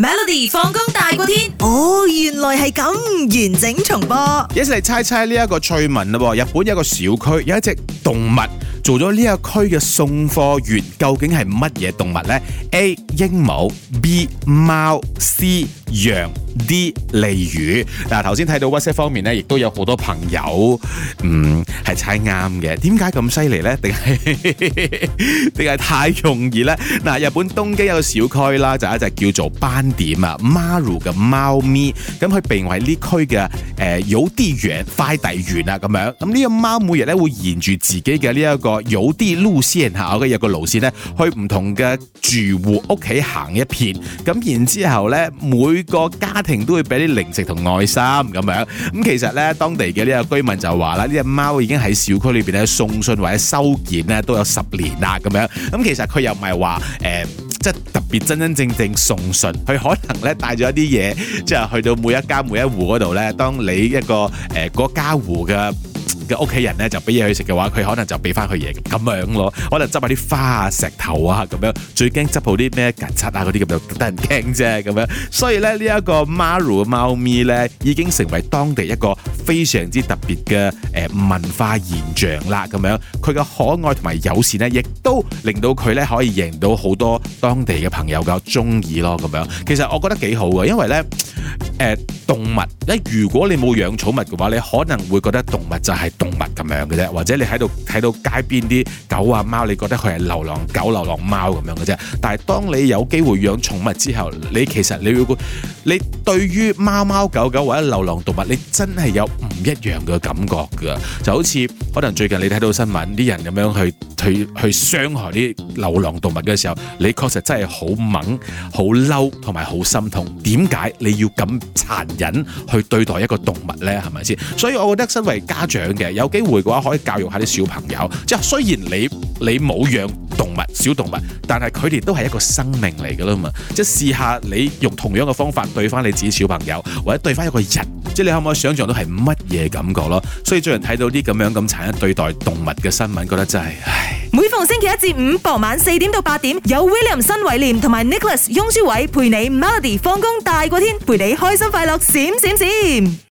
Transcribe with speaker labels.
Speaker 1: Melody 放工大過天，哦，原來係咁，完整重播。一齊嚟猜猜呢一個趣聞啦，日本有一個小區有一隻動物。做咗呢一個區嘅送貨員，究竟係乜嘢動物呢？A. 鸚鵡，B. 貓，C. 羊，D. 鯉魚。嗱、啊，頭先睇到 WhatsApp 方面呢，亦都有好多朋友嗯係猜啱嘅。點解咁犀利呢？定係定係太容易呢？嗱、啊，日本東京有個小區啦，就一隻叫做斑點啊 Maru 嘅貓咪，咁佢並唔係呢區嘅。誒郵遞員、快遞員啊，咁樣，咁呢隻貓每日咧會沿住自己嘅呢一個郵遞路線，嚇，有個路線咧，去唔同嘅住戶屋企行一片，咁然之後呢，每個家庭都會俾啲零食同愛心咁樣。咁其實呢，當地嘅呢個居民就話啦，呢隻貓已經喺小區裏邊咧送信或者收件咧都有十年啦，咁樣。咁其實佢又唔係話誒。呃即特別真真正正送信，佢可能咧帶咗一啲嘢，即係去到每一間每一戶嗰度咧，當你一個誒、呃、家戶嘅。屋企人咧就俾嘢佢食嘅話，佢可能就俾翻佢嘢咁樣咯。可能執下啲花啊、石頭啊咁樣，最驚執好啲咩曱甴啊嗰啲咁就得人驚啫咁樣。所以咧呢一個 Maru 嘅貓咪咧，已經成為當地一個非常之特別嘅誒文化現象啦。咁樣佢嘅可愛同埋友善呢，亦都令到佢咧可以贏到好多當地嘅朋友嘅中意咯。咁樣其實我覺得幾好嘅，因為咧。誒動物呢，如果你冇養寵物嘅話，你可能會覺得動物就係動物咁樣嘅啫，或者你喺度睇到街邊啲狗啊貓，你覺得佢係流浪狗、流浪貓咁樣嘅啫。但係當你有機會養寵物之後，你其實你會你對於貓貓狗狗或者流浪動物，你真係有唔一樣嘅感覺㗎。就好似可能最近你睇到新聞啲人咁樣去去去傷害啲流浪動物嘅時候，你確實真係好忟、好嬲同埋好心痛。點解你要咁？殘忍去對待一個動物呢，係咪先？所以我覺得身為家長嘅，有機會嘅話可以教育下啲小朋友，即係雖然你你冇養動物、小動物，但係佢哋都係一個生命嚟㗎啦嘛。即係試下你用同樣嘅方法對返你自己小朋友，或者對返一個人，即係你可唔可以想像到係乜嘢感覺咯？所以最近睇到啲咁樣咁殘忍對待動物嘅新聞，覺得真係唉。星期一至五傍晚四點到八點，有 William 新偉廉同埋 Nicholas 翁舒偉陪你 Melody 放工大過天，陪你開心快樂閃閃閃。閃閃閃